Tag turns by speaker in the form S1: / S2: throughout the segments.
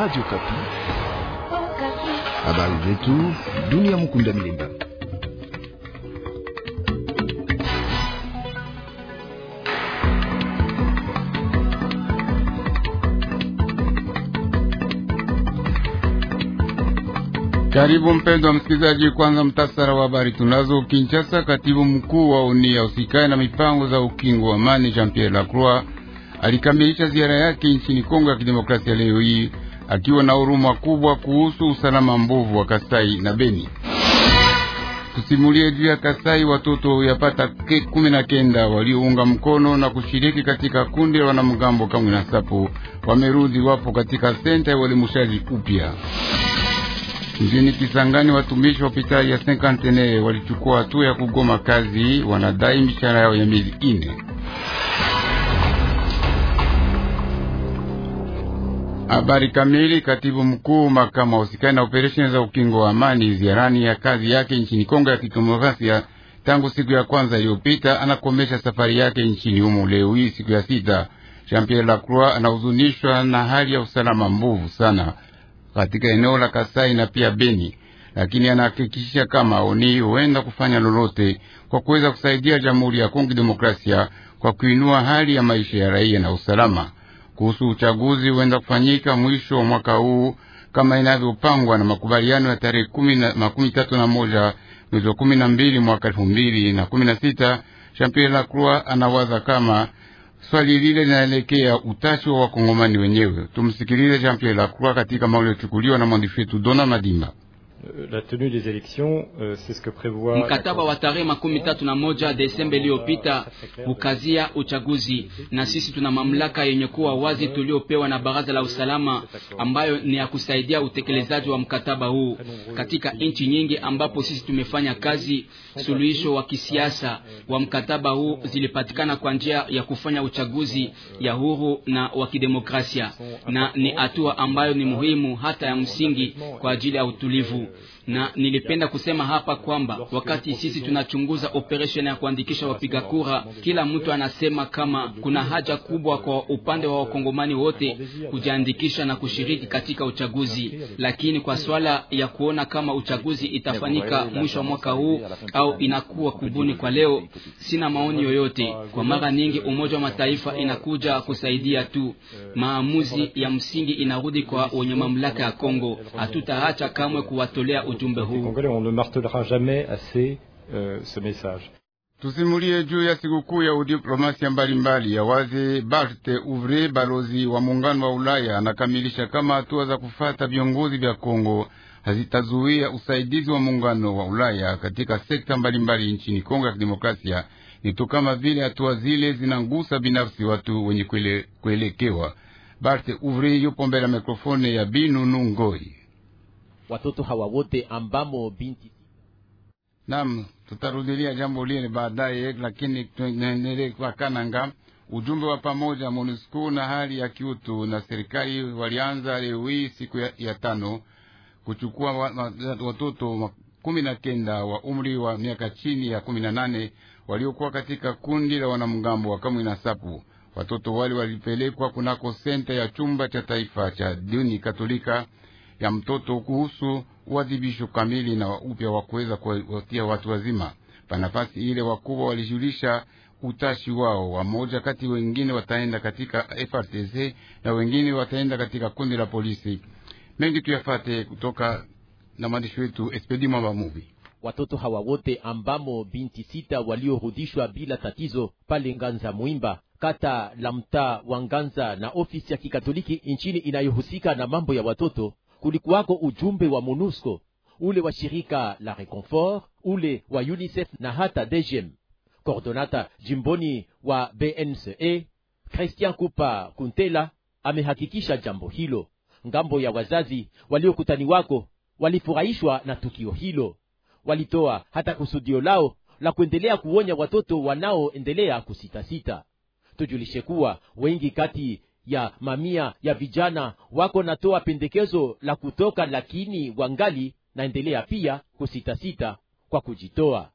S1: Radio oh, Kapi. Habari zetu dunia mukunda milemba.
S2: Karibu wa msikilizaji, kwanza mtasara wa habari tunazo. Kinshasa, katibu mkuu wa UNIA usikae na mipango za ukingo wa amani Jean Pierre Lacroix alikamilisha ziara yake nchini Kongo ya Kidemokrasia leo hii akiwa na huruma kubwa kuhusu usalama mbovu wa Kasai na Beni. Tusimulie juu ya Kasai, watoto yapata kumi na kenda waliounga mkono na kushiriki katika kundi la wanamgambo kamwe na sapo wamerudi, wapo katika senta ya uelimushaji upya mjini Kisangani. Watumishi wa hospitali ya Sekantene walichukua hatua ya kugoma kazi, wanadai mishahara yao ya miezi ine. Mm. Habari kamili. Katibu mkuu makama usikani na operesheni za ukingo wa amani ziarani ya kazi yake nchini Kongo ya Kidemokrasia tangu siku ya kwanza iliyopita, anakomesha safari yake nchini humo leo hii siku ya sita. Jean Pierre Lacroix anahuzunishwa na hali ya usalama mbovu sana katika eneo la Kasai na pia Beni, lakini anahakikisha kama oni huenda kufanya lolote kwa kuweza kusaidia Jamhuri ya Kongo Demokrasia kwa kuinua hali ya maisha ya raia na usalama kuhusu uchaguzi huenda kufanyika mwisho wa mwaka huu kama inavyopangwa na makubaliano ya tarehe makumi tatu na moja mwezi wa kumi na mbili mwaka elfu mbili na kumi na sita. la Lacroix anawaza kama swali lile linaelekea utashi wa wakongomani wenyewe. Tumsikilize la croi katika maoni yaliyochukuliwa na mwandishi wetu Dona Madimba. Euh, la tenue des
S1: élections, euh, c'est ce que prévoit
S3: mkataba wa tarehe makumi tatu na moja Desemba iliyopita ukazia uchaguzi, na sisi tuna mamlaka yenye kuwa wazi tuliopewa na baraza la usalama ambayo ni ya kusaidia utekelezaji wa mkataba huu katika nchi nyingi ambapo sisi tumefanya kazi. Suluhisho wa kisiasa wa mkataba huu zilipatikana kwa njia ya kufanya uchaguzi euh, ya huru na wa kidemokrasia, na ni hatua ambayo ni muhimu hata ya msingi kwa ajili ya utulivu. Uh, na nilipenda kusema hapa kwamba wakati sisi tunachunguza operesheni ya kuandikisha wapiga kura, kila mtu anasema kama kuna haja kubwa kwa upande wa wakongomani wote kujiandikisha na kushiriki katika uchaguzi, lakini kwa swala ya kuona kama uchaguzi itafanyika mwisho wa mwaka huu au inakuwa kubuni kwa leo, sina maoni yoyote. Kwa mara nyingi Umoja wa Mataifa inakuja kusaidia tu, maamuzi ya msingi inarudi kwa wenye mamlaka ya Kongo. Hatutaacha kamwe kuwatolea ujumbe huu.
S1: Euh,
S2: Tusimulie juu ya sikukuu ya udiplomasia mbalimbali ya wazi. Barte Uvre, balozi wa muungano wa Ulaya, anakamilisha kama hatua za kufata viongozi vya Kongo hazitazuia usaidizi wa muungano wa Ulaya katika sekta mbalimbali nchini Kongo ya Kidemokrasia, tu kama vile hatua zile zinangusa binafsi watu wenye kuelekewa. Barte Uvre yupo mbele ya mikrofone ya Binu Nungoi watoto hawa wote ambamo binti. Naam, tutarudilia jambo lile baadaye, lakini tuendelee kwa Kananga. Ujumbe wa pamoja MONUSCO na hali ya kiutu na serikali walianza leo hii siku ya, ya tano kuchukua wa, wa, watoto kumi na kenda wa umri wa miaka chini ya kumi na nane waliokuwa katika kundi la wanamgambo wa Kamwina Sapu. Watoto wale walipelekwa kunako senta ya chumba cha taifa cha dini Katolika ya mtoto kuhusu uadhibisho kamili na upya wa kuweza kuwatia watu wazima. Panafasi ile wakubwa walijulisha utashi wao, moja kati wengine wataenda katika FRTC na wengine wataenda katika kundi la polisi. Mengi tuyafate kutoka na mwandishi wetu Espedi Mwamba Mubi. Watoto hawa wote ambamo binti sita waliorudishwa bila tatizo
S1: pale Nganza Muimba kata la mtaa wa Nganza na ofisi ya Kikatoliki nchini inayohusika na mambo ya watoto kulikuwako ujumbe wa MONUSCO, ule wa shirika la Reconfort, ule wa UNICEF na hata DGM. Kordonata jimboni wa BNCE Christian Kupa Kuntela amehakikisha jambo hilo. Ngambo ya wazazi waliokutani wako walifurahishwa na tukio hilo, walitoa hata kusudio lao la kuendelea kuonya watoto wanaoendelea kusitasita. Tujulishe kuwa wengi kati ya mamia ya vijana wako natoa pendekezo la kutoka, lakini wangali naendelea pia
S2: kusitasita kwa kujitoa.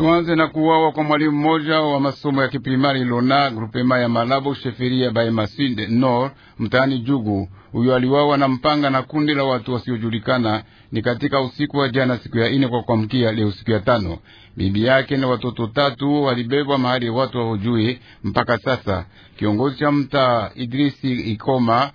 S2: Tuanze na kuwawa kwa mwalimu mmoja wa masomo ya kiprimari Lona grupema ya Malabo sheferia by Masinde Nord mtaani Jugu. Huyo aliwawa na mpanga na kundi la watu wasiojulikana, ni katika usiku wa jana siku ya ine kwa kuamkia leo siku ya tano. Bibi yake na watoto tatu walibebwa mahali watu hawajui mpaka sasa. Kiongozi cha mtaa Idrisi Ikoma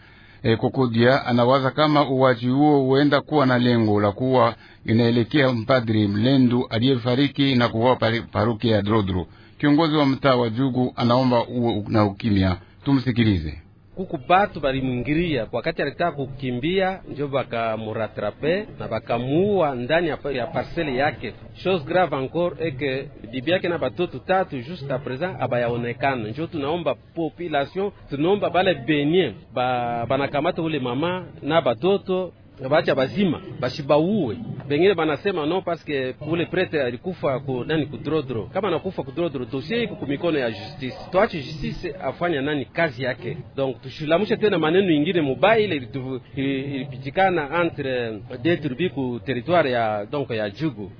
S2: e, Kukudia anawaza kama uwaji huo huenda kuwa na lengo la kuwa inaelekea mpadri Mlendu aliyefariki na kuwa parokia ya Drodro. Kiongozi wa mtaa wa Jugu anaomba uwe na ukimya, tumsikilize
S4: kuku batu balimwingilia wakati alitaka kukimbia, njo bakamuratrape na bakamuua ndani ya parcele yake. Chose grave encore eke bibi yake na batoto tatu jusqu'à présent abayaonekana. Njo tunaomba population, tunaomba bale benye ba, banakamata ule mama na batoto bacha bazima bashibauwe bengine banasema no paske ule prete alikufa ku nani kudrodro. Kama anakufa kudrodro, dosie iko ku mikono ya justice, tuache justice afanya nani kazi yake. Donc tushilamushe tena maneno ingine mubaya ile ilipitikana entre deux tribus ku territoire ya donc ya Jugu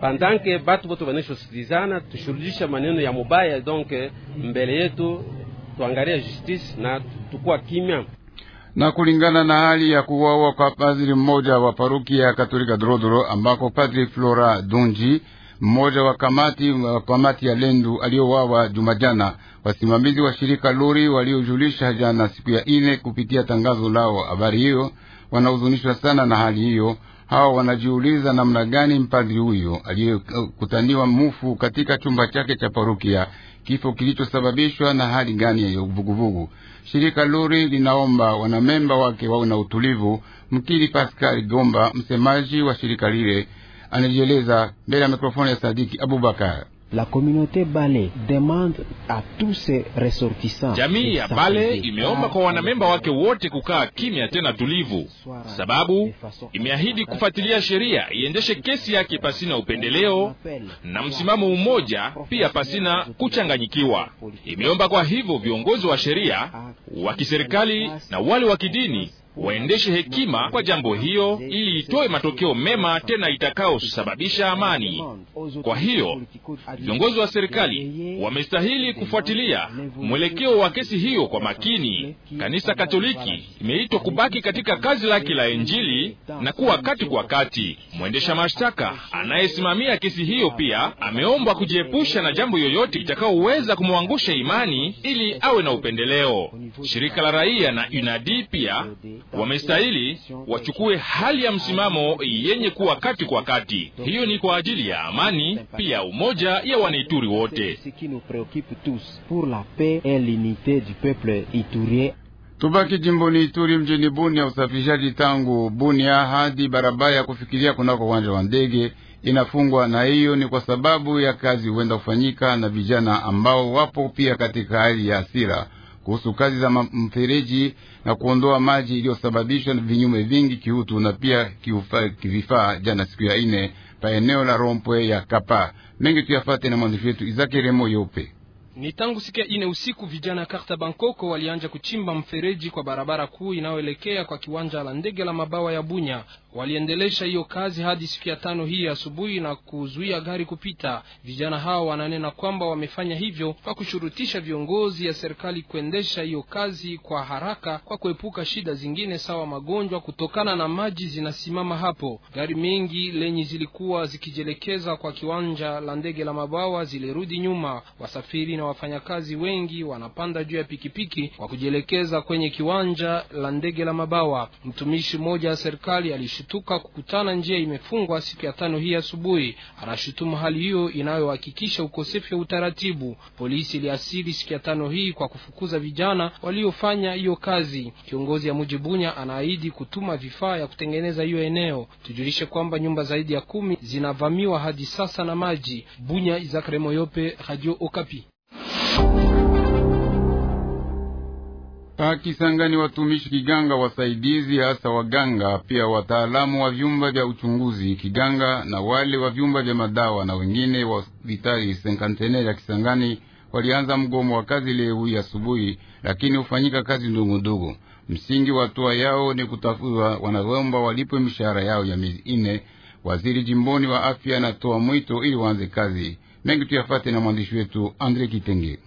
S4: pandanke batu bote banishosikilizana, tushurudisha maneno ya mubaya donc mbele yetu, tuangalie justice na tukua kimya
S2: na kulingana na hali ya kuwawa kwa padri mmoja wa parukia ya Katolika Dorodoro ambako Padri Flora Dunji mmoja wa kamati, wa kamati ya Lendu aliyowawa Jumajana. Wasimamizi wa shirika Lori waliojulisha jana siku ya ine kupitia tangazo lao habari hiyo, wanahuzunishwa sana na hali hiyo. Hawa wanajiuliza namna gani mpadri huyo aliyekutaniwa mufu katika chumba chake cha parukia kifo kilichosababishwa na hali gani ya vuguvugu. Shirika lori linaomba wanamemba wake wawe na utulivu. Mkili Pascal Gomba, msemaji wa shirika lile, anajieleza mbele ya mikrofoni ya Sadiki Abubakar.
S4: La communauté Bale demande à tous ses ressortissants. Jamii ya Bale imeomba kwa
S1: wanamemba wake wote kukaa kimya tena tulivu, sababu imeahidi kufuatilia sheria, iendeshe kesi yake pasina upendeleo na msimamo umoja, pia pasina kuchanganyikiwa. Imeomba kwa hivyo viongozi wa sheria wa kiserikali na wale wa kidini waendeshe hekima kwa jambo hiyo, ili itoe matokeo mema, tena itakayosababisha amani. Kwa hiyo viongozi wa serikali wamestahili kufuatilia mwelekeo wa kesi hiyo kwa makini. Kanisa Katoliki imeitwa kubaki katika kazi lake la Injili na kuwa kati kwa kati. Mwendesha mashtaka anayesimamia kesi hiyo pia ameombwa kujiepusha na jambo yoyote itakayoweza kumwangusha imani, ili awe na upendeleo. Shirika la raia na UNADI pia wamestahili wachukue hali ya msimamo yenye kuwa kati kwa kati. Hiyo ni kwa ajili ya amani pia umoja ya wanaituri wote.
S2: Tubaki jimboni Ituri, mjini Bunia, usafirishaji tangu Bunia hadi barabara ya kufikiria kunako uwanja wa ndege inafungwa, na hiyo ni kwa sababu ya kazi huenda kufanyika na vijana ambao wapo pia katika hali ya asira kuhusu kazi za mfereji na kuondoa maji iliyosababishwa na vinyume vingi kiutu na pia kivifaa, jana siku ya ine pa eneo la rompwe ya Kapa. Mengi tuyafate na mwandishi wetu Izaki Remo Yope.
S4: Ni tangu siku ya ine usiku vijana Karta Bankoko walianja kuchimba mfereji kwa barabara kuu inayoelekea kwa kiwanja la ndege la mabawa ya Bunya. Waliendelesha hiyo kazi hadi siku ya tano hii asubuhi na kuzuia gari kupita. Vijana hao wananena kwamba wamefanya hivyo kwa kushurutisha viongozi ya serikali kuendesha hiyo kazi kwa haraka kwa kuepuka shida zingine sawa magonjwa kutokana na maji zinasimama hapo. Gari mengi lenye zilikuwa zikijielekeza kwa kiwanja la ndege la mabawa zilirudi nyuma. Wasafiri na wafanyakazi wengi wanapanda juu ya pikipiki kwa kujielekeza kwenye kiwanja la ndege la Mabawa. Mtumishi mmoja wa serikali alishutuka kukutana njia imefungwa siku ya tano hii asubuhi. Anashutumu hali hiyo inayohakikisha ukosefu wa utaratibu. Polisi iliasili siku ya tano hii kwa kufukuza vijana waliofanya hiyo kazi. Kiongozi ya Mujibunya anaahidi kutuma vifaa ya kutengeneza hiyo eneo. Tujulishe kwamba nyumba zaidi ya kumi zinavamiwa hadi sasa na maji. Bunya, Izakare Moyope, Radio Okapi.
S2: Pakisangani watumishi kiganga wasaidizi, hasa waganga, pia wataalamu wa vyumba vya uchunguzi kiganga na wale wa vyumba vya madawa na wengine wa hospitali Senkantene ya Kisangani walianza mgomo wa kazi leo hii asubuhi, lakini hufanyika kazi ndugundugu Msingi wa hatua yao ni kutafutwa, wanaomba walipwe mishahara yao ya miezi ine. Waziri jimboni wa afya anatoa mwito ili waanze kazi. Mengi tuyafate na mwandishi wetu Andre Kitenge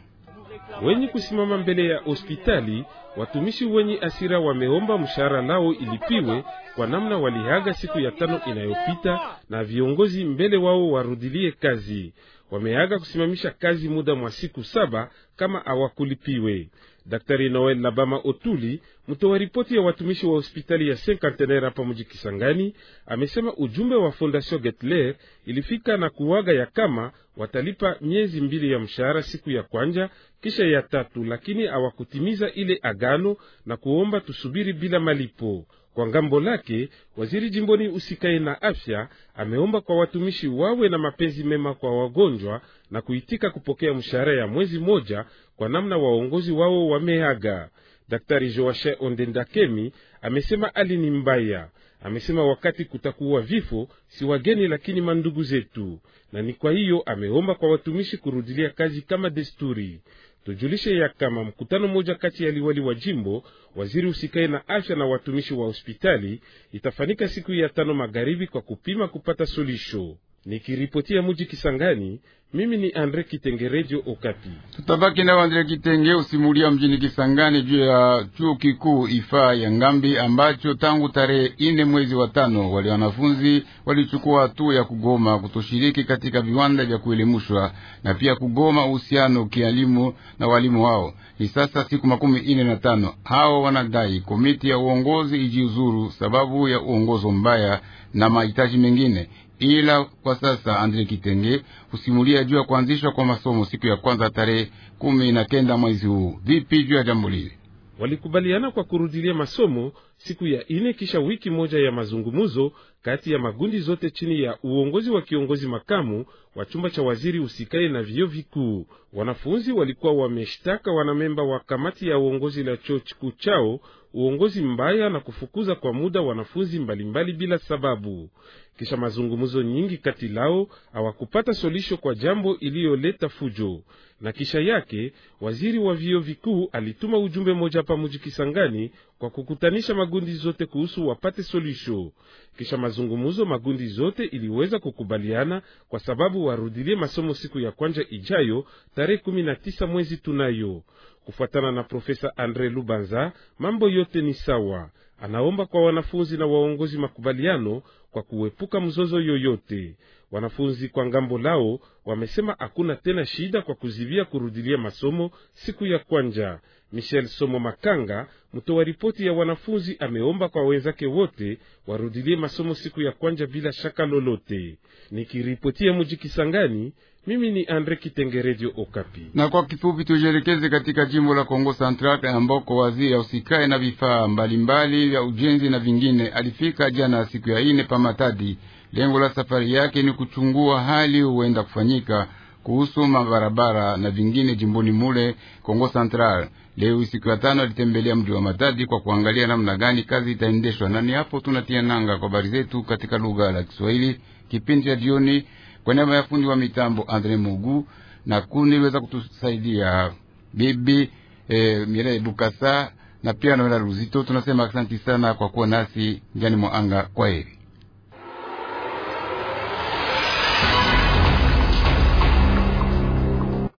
S2: wenye kusimama mbele
S5: ya hospitali. Watumishi wenye asira wameomba mshahara lao ilipiwe kwa namna walihaga siku ya tano inayopita, na viongozi mbele wao warudilie kazi. Wameaga kusimamisha kazi muda mwa siku saba kama hawakulipiwe. Daktari Noel Labama Otuli, mtoa ripoti ya watumishi wa hospitali ya Cantenaire hapa mji Kisangani, amesema ujumbe wa Fondation Getler ilifika na kuwaga ya kama watalipa miezi mbili ya mshahara siku ya kwanja kisha ya tatu, lakini hawakutimiza ile agano na kuomba tusubiri bila malipo. Kwa ngambo lake, waziri jimboni usikae na afya ameomba kwa watumishi wawe na mapenzi mema kwa wagonjwa na kuitika kupokea mshahara ya mwezi moja kwa namna waongozi wao wameaga. Daktari Joashe Ondendakemi amesema hali ni mbaya. Amesema wakati kutakuwa vifo si wageni, lakini mandugu zetu, na ni kwa hiyo ameomba kwa watumishi kurudilia kazi kama desturi tujulishe ya kama mkutano mmoja kati ya liwali wa jimbo, waziri usikae na afya na watumishi wa hospitali itafanyika siku ya tano magharibi kwa kupima kupata solisho. Nikiripotia muji Kisangani, mimi ni Andre Kitenge, Radio Okapi.
S2: Tutabaki nao Andre Kitenge usimulia mjini Kisangani juu ya chuo kikuu ifaa ya Ngambi ambacho tangu tarehe ine mwezi wa tano wale wanafunzi walichukua hatua ya kugoma kutoshiriki katika viwanda vya kuelimishwa na pia kugoma uhusiano kialimu na walimu wao. Ni sasa siku makumi ine na tano hao wanadai komiti ya uongozi ijiuzuru sababu ya uongozo mbaya na mahitaji mengine ila kwa sasa Andre Kitenge kusimulia juu ya kuanzishwa kwa masomo siku ya kwanza tarehe kumi na kenda mwezi huu. Vipi juu ya jambo lile?
S5: Walikubaliana kwa kurudilia masomo siku ya ine kisha wiki moja ya mazungumuzo kati ya magundi zote chini ya uongozi wa kiongozi makamu wa chumba cha waziri usikaye na vio vikuu. Wanafunzi walikuwa wameshtaka wanamemba wa kamati ya uongozi la chuo kikuu chao uongozi mbaya na kufukuza kwa muda wanafunzi mbalimbali bila sababu. Kisha mazungumzo nyingi kati lao hawakupata solisho kwa jambo iliyoleta fujo, na kisha yake waziri wa vio vikuu alituma ujumbe moja pa muji Kisangani kwa kukutanisha magundi zote kuhusu wapate solisho. Kisha mazungumuzo, magundi zote iliweza kukubaliana kwa sababu warudilie masomo siku ya kwanja ijayo tarehe 19 mwezi tunayo Kufuatana na Profesa Andre Lubanza, mambo yote ni sawa. Anaomba kwa wanafunzi na waongozi makubaliano kwa kuepuka mzozo yoyote. Wanafunzi kwa ngambo lao wamesema hakuna tena shida kwa kuzivia kurudilia masomo siku ya kwanja. Michel Somo Makanga, mtoa ripoti ya wanafunzi, ameomba kwa wenzake wote warudilie masomo siku ya kwanja bila shaka lolote. Nikiripotia muji Kisangani, mimi ni Andre Kitenge, Radio Okapi.
S2: Na kwa kifupi tujielekeze katika jimbo la Kongo Central ambako waziri usikae na vifaa mbalimbali vya ujenzi na vingine alifika jana siku ya ine pa Matadi. Lengo la safari yake ni kuchungua hali huenda kufanyika kuhusu mabarabara na vingine jimboni mule Kongo Central. Leo siku ya tano alitembelea mji wa Matadi kwa kuangalia namna gani kazi itaendeshwa. na ni hapo tunatia nanga kwa habari zetu katika lugha la Kiswahili kipindi cha jioni kwa niaba ya fundi wa mitambo Andre Mugu na kundi liweza kutusaidia bibi eh, Mirei Bukasa na pia Noela Ruzito. Tunasema asanti sana kwa kuwa nasi njani mwa anga. Kwa heri.